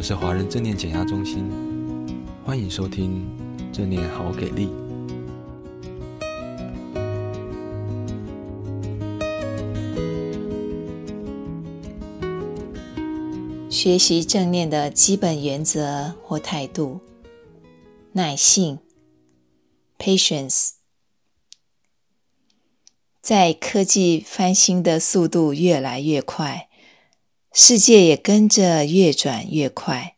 我是華人正念減壓中心，歡迎收聽《正念好給力》。學習正念的基本原則或態度，耐性 patience，在科技翻新的速度越來越快。世界也跟着越轉越快。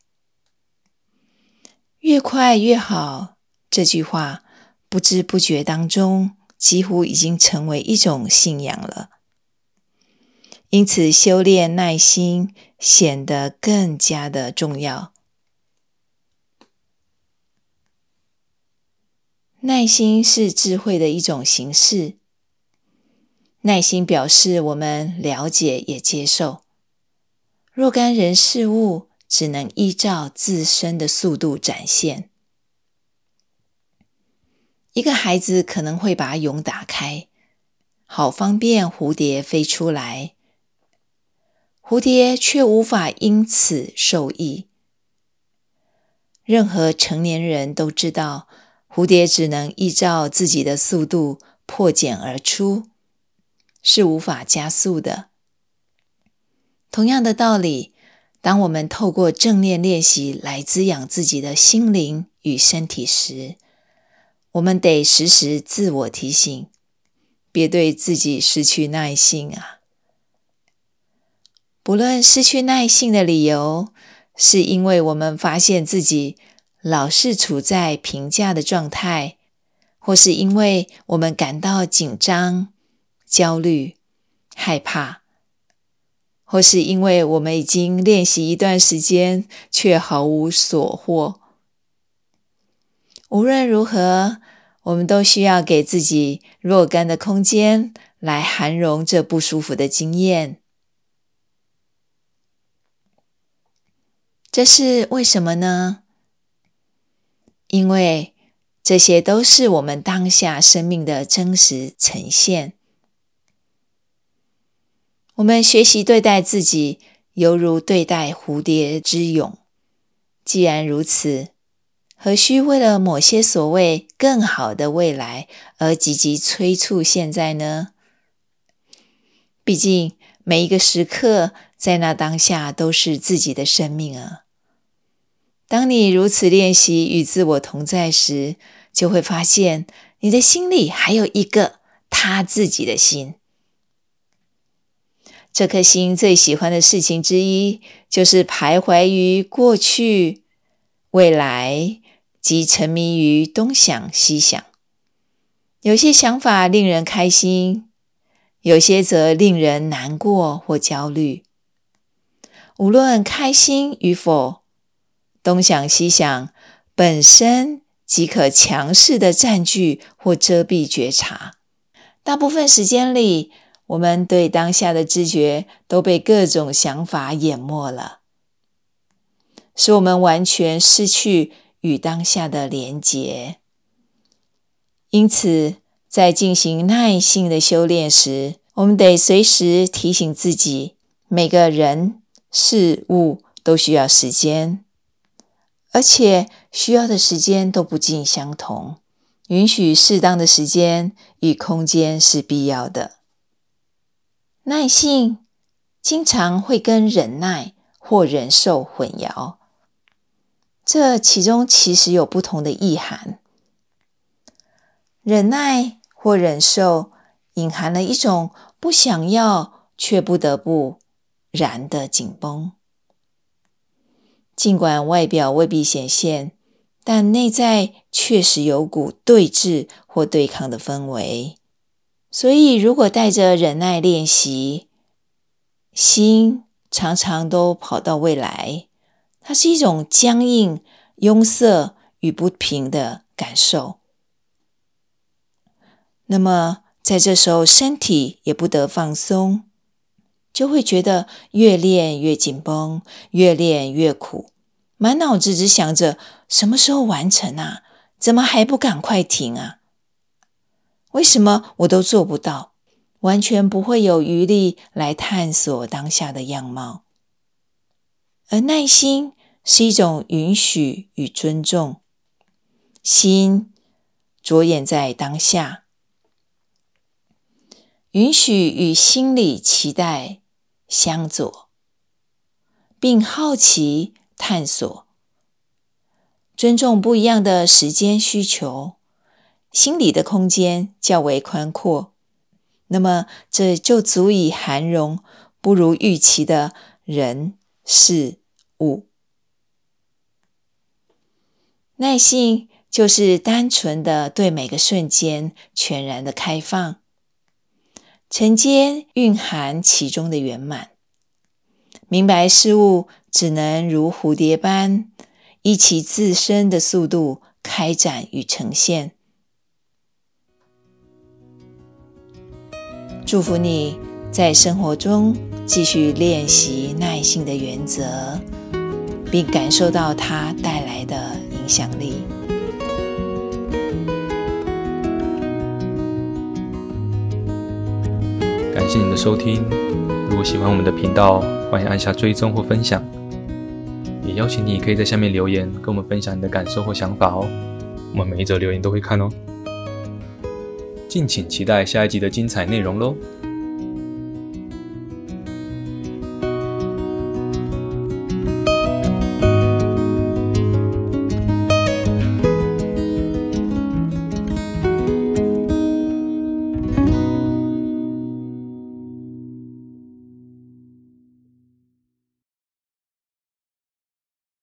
越快越好，這句話不知不覺當中，幾乎已經成為一種信仰了。因此，修煉耐心顯得更加的重要。耐心是智慧的一種形式，耐心表示我們了解也接受。若干人事物只能依照自身的速度展現。一個孩子可能會把蛹打開，好方便蝴蝶飛出來。蝴蝶卻無法因此受益。任何成年人都知道，蝴蝶只能依照自己的速度破繭而出，是無法加速的。同樣的道理，當我們透過正念練，練習來滋養自己的心靈與身體時，我們得時時自我提醒，別對自己失去耐心啊！不論失去耐性的理由，是因為我們發現自己老是處在評價的狀態，或是因為我們感到緊張、焦慮、害怕。或是因為我們已經練習一段時間，卻毫無所獲。無論如何，我們都需要給自己若干的空間來涵容這不舒服的經驗。這是為什麼呢？因為這些都是我們當下生命的真實呈現。我們學習對待自己，猶如對待蝴蝶之蛹。既然如此，何須為了某些所謂更好的未來而積極催促現在呢？畢竟每一個時刻，在那當下都是自己的生命啊。當你如此練習與自我同在時，就會發現你的心裡還有一個他自己的心。這顆心最喜歡的事情之一，就是徘徊於過去、未來，即沉迷於東想西想。有些想法令人開心，有些則令人難過或焦慮。無論開心與否，東想西想本身即可強勢地佔據或遮蔽覺察。大部分時間裡，我們對當下的知覺都被各種想法淹沒了，使我們完全失去與當下的連結。因此，在進行耐性的修煉時，我們得隨時提醒自己：每個人、事物都需要時間，而且需要的時間都不盡相同。允許適當的時間與空間是必要的。耐性經常會跟忍耐或忍受混淆，這其中其實有不同的意涵。忍耐或忍受隱含了一種不想要卻不得不然的緊繃，儘管外表未必顯現，但內在確實有股對峙或對抗的氛圍。所以，如果帶着忍耐練習，心常常都跑到未來，它是一種僵硬、壅塞與不平的感受。那麼，在這時候，身體也不得放鬆，就會覺得越練越緊繃，越練越苦，滿腦子只想着什麼時候完成啊？怎麼還不趕快停啊？為什麼我都做不到？完全不會有餘力來探索當下的樣貌，而耐心是一種允許與尊重，心着眼在當下，允許與心理期待相左，並好奇探索，尊重不一樣的時間需求。心理的空間較為寬闊，那麼這就足以涵容不如預期的人事物。耐性就是單純的對每個瞬間全然的開放，承接蘊含其中的圓滿，明白事物只能如蝴蝶般依其自身的速度開展與呈現。祝福你在生活中繼續練習耐性的原則，並感受到它帶來的影響力。感謝你的收聽，如果喜歡我們的頻道，歡迎按下追蹤或分享。也邀請你可以在下面留言，跟我們分享你的感受或想法哦。我們每一則留言都會看哦。敬請期待下一集的精彩內容嘍。